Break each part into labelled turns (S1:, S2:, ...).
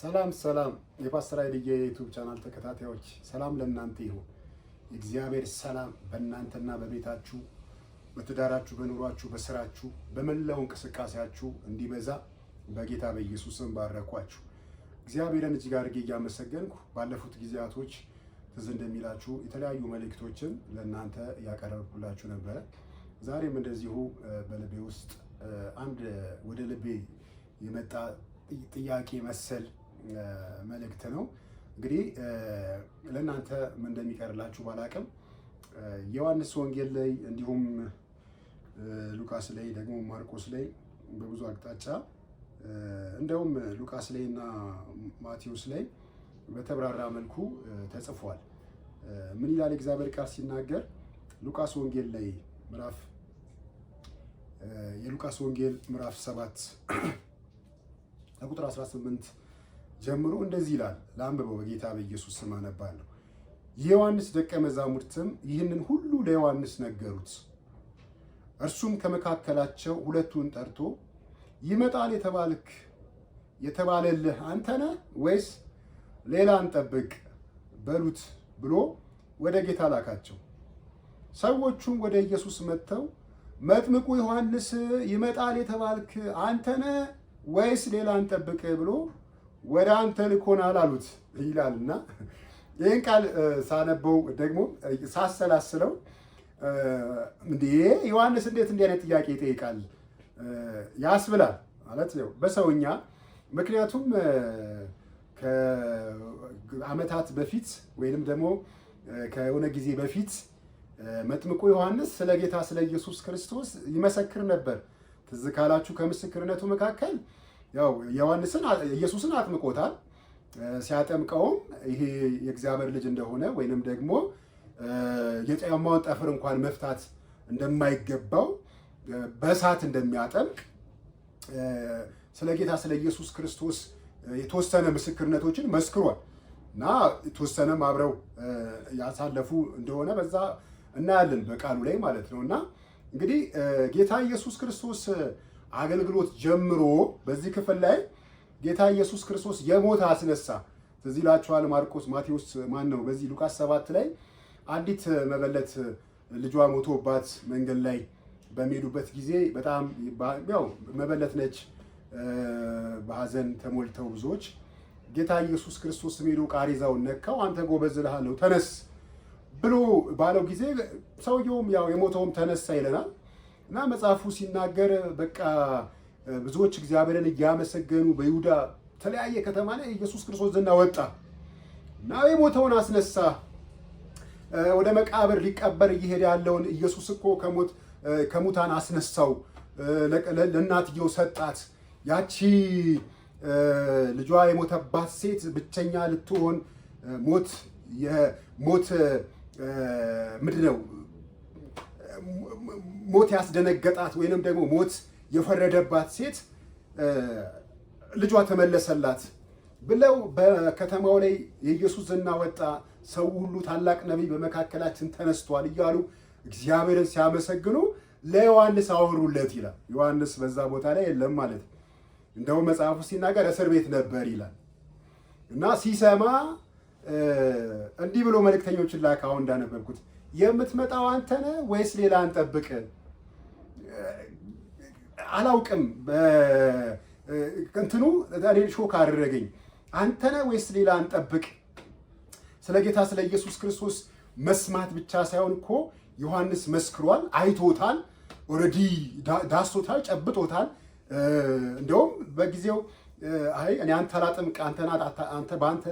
S1: ሰላም ሰላም የፓስተር ኃይልዬ የዩቱብ ቻናል ተከታታዮች ሰላም ለእናንተ ይሁን። የእግዚአብሔር ሰላም በእናንተና በቤታችሁ፣ በትዳራችሁ፣ በኑሯችሁ፣ በስራችሁ፣ በመላው እንቅስቃሴያችሁ እንዲበዛ በጌታ በኢየሱስም ባረኳችሁ። እግዚአብሔርን እጅግ አድርጌ እያመሰገንኩ ባለፉት ጊዜያቶች ትዝ እንደሚላችሁ የተለያዩ መልእክቶችን ለእናንተ እያቀረብኩላችሁ ነበረ። ዛሬም እንደዚሁ በልቤ ውስጥ አንድ ወደ ልቤ የመጣ ጥያቄ መሰል መልእክት ነው። እንግዲህ ለእናንተ እንደሚቀርላችሁ ባላቅም የዮሐንስ ወንጌል ላይ እንዲሁም ሉቃስ ላይ ደግሞ ማርቆስ ላይ በብዙ አቅጣጫ እንደውም ሉቃስ ላይ እና ማቴዎስ ላይ በተብራራ መልኩ ተጽፏል። ምን ይላል እግዚአብሔር ቃል ሲናገር? ሉቃስ ወንጌል ላይ ምዕራፍ የሉቃስ ወንጌል ምዕራፍ 7 ከቁጥር 18 ጀምሮ እንደዚህ ይላል። ለአንብበው በጌታ በኢየሱስ ስም አነባለሁ። የዮሐንስ ደቀ መዛሙርትም ይህንን ሁሉ ለዮሐንስ ነገሩት። እርሱም ከመካከላቸው ሁለቱን ጠርቶ ይመጣል የተባልክ የተባለልህ አንተ ነህ ወይስ ሌላ እንጠብቅ በሉት ብሎ ወደ ጌታ ላካቸው። ሰዎቹም ወደ ኢየሱስ መጥተው መጥምቁ ዮሐንስ ይመጣል የተባልክ አንተ ነህ ወይስ ሌላ እንጠብቅ ብሎ ወደ አንተ ልኮናል አሉት እና ይህን ቃል ሳነበው ደግሞ ሳሰላስለው እንዴ ዮሐንስ እንዴት እንዲህ አይነት ጥያቄ ይጠይቃል ያስብላል ማለት ው በሰውኛ ምክንያቱም ከአመታት በፊት ወይንም ደግሞ ከሆነ ጊዜ በፊት መጥምቁ ዮሐንስ ስለ ጌታ ስለ ኢየሱስ ክርስቶስ ይመሰክር ነበር ትዝ ካላችሁ ከምስክርነቱ መካከል ያው ዮሐንስን ኢየሱስን አጥምቆታል። ሲያጠምቀውም ይሄ የእግዚአብሔር ልጅ እንደሆነ ወይንም ደግሞ የጫማውን ጠፍር እንኳን መፍታት እንደማይገባው በእሳት እንደሚያጠምቅ ስለ ጌታ ስለ ኢየሱስ ክርስቶስ የተወሰነ ምስክርነቶችን መስክሯል እና የተወሰነም አብረው ያሳለፉ እንደሆነ በዛ እናያለን በቃሉ ላይ ማለት ነው እና እንግዲህ ጌታ ኢየሱስ ክርስቶስ አገልግሎት ጀምሮ በዚህ ክፍል ላይ ጌታ ኢየሱስ ክርስቶስ የሞት አስነሳ። ስለዚህ ላችኋል ማርቆስ ማቴዎስ ማን ነው? በዚህ ሉቃስ ሰባት ላይ አንዲት መበለት ልጇ ሞቶባት መንገድ ላይ በሚሄዱበት ጊዜ በጣም ያው መበለት ነች። በሀዘን ተሞልተው ብዙዎች ጌታ ኢየሱስ ክርስቶስ ሄዶ ቃሬዛውን ነካው። አንተ ጎበዝ እልሃለሁ ተነስ ብሎ ባለው ጊዜ ሰውየውም ያው የሞተውም ተነሳ ይለናል። እና መጽሐፉ ሲናገር በቃ ብዙዎች እግዚአብሔርን እያመሰገኑ በይሁዳ ተለያየ ከተማ ላይ ኢየሱስ ክርስቶስ ዘና ወጣ እና የሞተውን አስነሳ። ወደ መቃብር ሊቀበር እየሄደ ያለውን ኢየሱስ እኮ ከሞት ከሙታን አስነሳው፣ ለእናትየው ሰጣት። ያቺ ልጇ የሞተባት ሴት ብቸኛ ልትሆን ሞት የሞት ምንድን ነው ሞት ያስደነገጣት ወይንም ደግሞ ሞት የፈረደባት ሴት ልጇ ተመለሰላት ብለው በከተማው ላይ የኢየሱስ ዝና ወጣ፣ ሰው ሁሉ ታላቅ ነቢይ በመካከላችን ተነስቷል እያሉ እግዚአብሔርን ሲያመሰግኑ ለዮሐንስ አወሩለት ይላል። ዮሐንስ በዛ ቦታ ላይ የለም ማለት እንደውም መጽሐፉ ሲናገር እስር ቤት ነበር ይላል እና ሲሰማ እንዲህ ብሎ መልእክተኞችን ላከ። አሁን እንዳነበብኩት የምትመጣው አንተ ነህ ወይስ ሌላ አንጠብቅ? አላውቅም። እንትኑ እኔን ሾክ አደረገኝ። አንተ ነህ ወይስ ሌላ አንጠብቅ? ስለ ጌታ ስለ ኢየሱስ ክርስቶስ መስማት ብቻ ሳይሆን እኮ ዮሐንስ መስክሯል፣ አይቶታል፣ ኦልሬዲ ዳሶታል፣ ጨብጦታል። እንደውም በጊዜው አይ እኔ አንተ ላጥምቅ አንተ በአንተ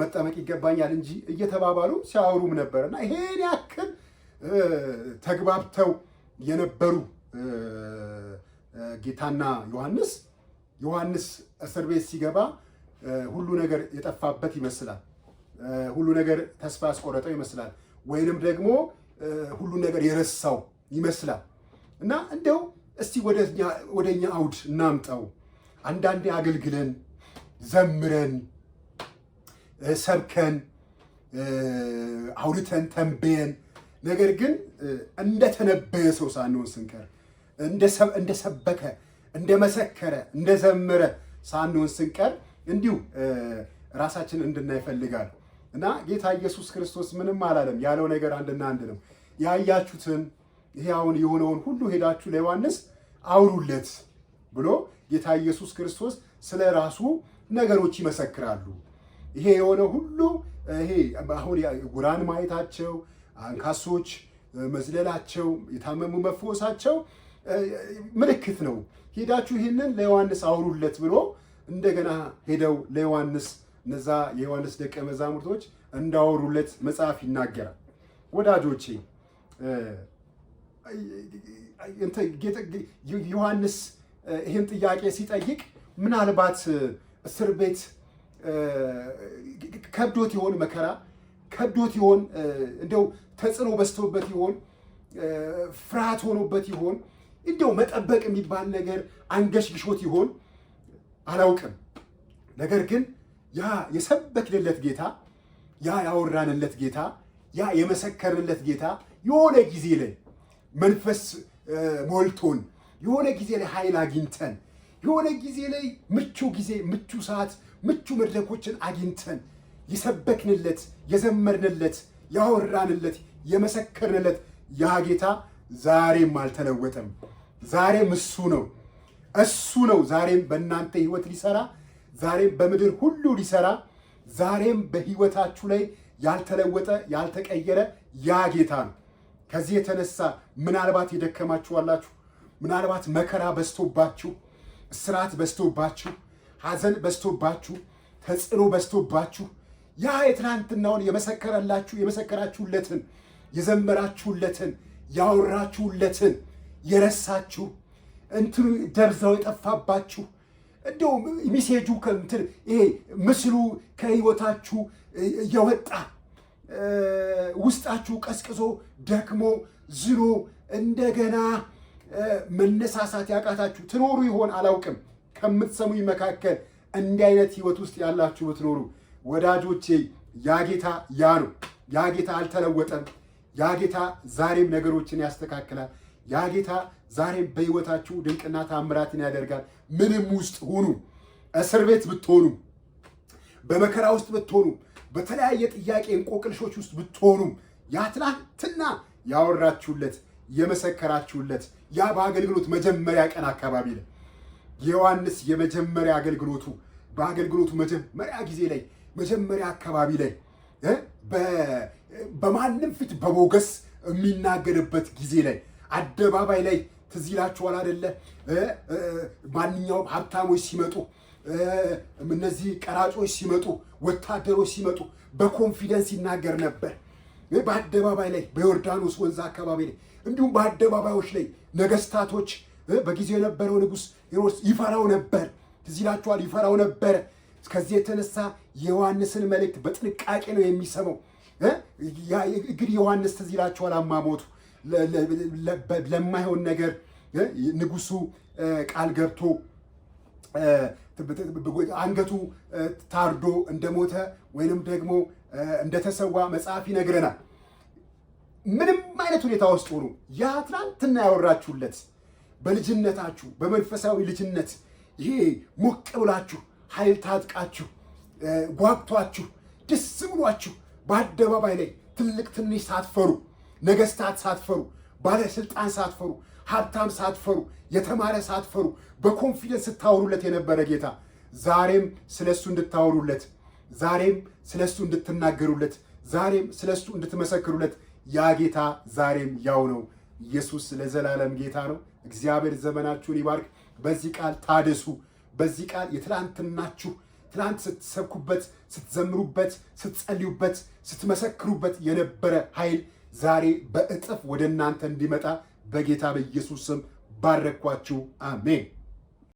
S1: መጠመቅ ይገባኛል እንጂ እየተባባሉ ሲያወሩም ነበር እና ይሄን ያክል ተግባብተው የነበሩ ጌታና ዮሐንስ ዮሐንስ እስር ቤት ሲገባ ሁሉ ነገር የጠፋበት ይመስላል። ሁሉ ነገር ተስፋ ያስቆረጠው ይመስላል። ወይንም ደግሞ ሁሉ ነገር የረሳው ይመስላል እና እንደው እስቲ ወደ እኛ አውድ እናምጠው። አንዳንዴ አገልግለን ዘምረን ሰብከን አውልተን ተንብየን፣ ነገር ግን እንደተነበየ ሰው ሳንሆን ስንቀር እንደሰበከ፣ እንደመሰከረ፣ እንደዘመረ ሳንሆን ስንቀር እንዲሁ ራሳችን እንድናይ ይፈልጋል እና ጌታ ኢየሱስ ክርስቶስ ምንም አላለም። ያለው ነገር አንድና አንድ ነው። ያያችሁትን ይሄ አሁን የሆነውን ሁሉ ሄዳችሁ ለዮሐንስ አውሩለት ብሎ ጌታ ኢየሱስ ክርስቶስ ስለ ራሱ ነገሮች ይመሰክራሉ። ይሄ የሆነ ሁሉ ይሄ አሁን ጉራን ማየታቸው፣ አንካሶች መዝለላቸው፣ የታመሙ መፈወሳቸው ምልክት ነው። ሄዳችሁ ይህንን ለዮሐንስ አውሩለት ብሎ እንደገና ሄደው ለዮሐንስ እነዛ የዮሐንስ ደቀ መዛሙርቶች እንዳወሩለት መጽሐፍ ይናገራል። ወዳጆቼ ዮሐንስ ይህን ጥያቄ ሲጠይቅ ምናልባት እስር ቤት ከብዶት ይሆን መከራ ከብዶት ይሆን እንደው ተጽዕኖ በዝቶበት ይሆን ፍርሃት ሆኖበት ይሆን እንደው መጠበቅ የሚባል ነገር አንገሽግሾት ይሆን አላውቅም። ነገር ግን ያ የሰበክንለት ጌታ ያ ያወራንለት ጌታ ያ የመሰከርንለት ጌታ የሆነ ጊዜ ላይ መንፈስ ሞልቶን የሆነ ጊዜ ላይ ኃይል አግኝተን የሆነ ጊዜ ላይ ምቹ ጊዜ ምቹ ሰዓት ምቹ መድረኮችን አግኝተን የሰበክንለት፣ የዘመርንለት፣ ያወራንለት፣ የመሰከርንለት ያ ጌታ ዛሬም አልተለወጠም። ዛሬም እሱ ነው እሱ ነው ዛሬም በእናንተ ህይወት ሊሰራ ዛሬም በምድር ሁሉ ሊሰራ ዛሬም በህይወታችሁ ላይ ያልተለወጠ ያልተቀየረ ያ ጌታ ነው። ከዚህ የተነሳ ምናልባት የደከማችሁ አላችሁ። ምናልባት መከራ በዝቶባችሁ፣ እስራት በዝቶባችሁ ሐዘን በዝቶባችሁ ተጽዕኖ በዝቶባችሁ ያ የትናንትናውን የመሰከረላችሁ የመሰከራችሁለትን የዘመራችሁለትን ያወራችሁለትን የረሳችሁ እንትኑ ደብዛው የጠፋባችሁ እንደው ሚሴጁ ከእንትን ይሄ ምስሉ ከህይወታችሁ የወጣ ውስጣችሁ ቀስቅዞ ደክሞ ዝኖ እንደገና መነሳሳት ያቃታችሁ ትኖሩ ይሆን አላውቅም። ከምትሰሙኝ መካከል እንዲህ አይነት ህይወት ውስጥ ያላችሁ ብትኖሩ ወዳጆቼ ያጌታ ያ ነው። ያጌታ አልተለወጠም። ያጌታ ዛሬም ነገሮችን ያስተካክላል። ያጌታ ዛሬም በህይወታችሁ ድንቅና ታምራትን ያደርጋል። ምንም ውስጥ ሁኑ፣ እስር ቤት ብትሆኑ፣ በመከራ ውስጥ ብትሆኑ፣ በተለያየ ጥያቄ እንቆቅልሾች ውስጥ ብትሆኑ ያ ትናንትና ያወራችሁለት የመሰከራችሁለት ያ በአገልግሎት መጀመሪያ ቀን አካባቢ ነው የዮሐንስ የመጀመሪያ አገልግሎቱ በአገልግሎቱ መጀመሪያ ጊዜ ላይ መጀመሪያ አካባቢ ላይ በማንም ፊት በሞገስ የሚናገርበት ጊዜ ላይ አደባባይ ላይ ትዝ ይላችኋል አይደለ? ማንኛውም ሀብታሞች ሲመጡ፣ እነዚህ ቀራጮች ሲመጡ፣ ወታደሮች ሲመጡ በኮንፊደንስ ይናገር ነበር። በአደባባይ ላይ በዮርዳኖስ ወንዝ አካባቢ ላይ እንዲሁም በአደባባዮች ላይ ነገስታቶች በጊዜው የነበረው ንጉስ ሄሮድስ ይፈራው ነበር። ትዝ ይላችኋል፣ ይፈራው ነበር። ከዚህ የተነሳ የዮሐንስን መልእክት በጥንቃቄ ነው የሚሰማው። እንግዲህ ዮሐንስ ትዝ ይላችኋል፣ አሟሟቱ ለማይሆን ነገር ንጉሱ ቃል ገብቶ አንገቱ ታርዶ እንደሞተ ወይንም ደግሞ እንደተሰዋ መጽሐፍ ይነግረናል። ምንም አይነት ሁኔታ ውስጥ ሆኖ ያ ትናንትና ያወራችሁለት በልጅነታችሁ በመንፈሳዊ ልጅነት ይሄ ሞቅ ብላችሁ ኃይል ታጥቃችሁ ጓግቷችሁ ደስ ብሏችሁ በአደባባይ ላይ ትልቅ ትንሽ ሳትፈሩ ነገስታት ሳትፈሩ ባለስልጣን ሳትፈሩ ሀብታም ሳትፈሩ የተማረ ሳትፈሩ በኮንፊደንስ ስታወሩለት የነበረ ጌታ ዛሬም ስለሱ እንድታወሩለት ዛሬም ስለሱ እንድትናገሩለት ዛሬም ስለሱ እንድትመሰክሩለት ያ ጌታ ዛሬም ያው ነው። ኢየሱስ ለዘላለም ጌታ ነው። እግዚአብሔር ዘመናችሁን ይባርክ። በዚህ ቃል ታደሱ። በዚህ ቃል የትላንትናችሁ ትላንት ስትሰብኩበት፣ ስትዘምሩበት፣ ስትጸልዩበት፣ ስትመሰክሩበት የነበረ ኃይል ዛሬ በእጥፍ ወደ እናንተ እንዲመጣ በጌታ በኢየሱስ ስም ባረኳችሁ። አሜን።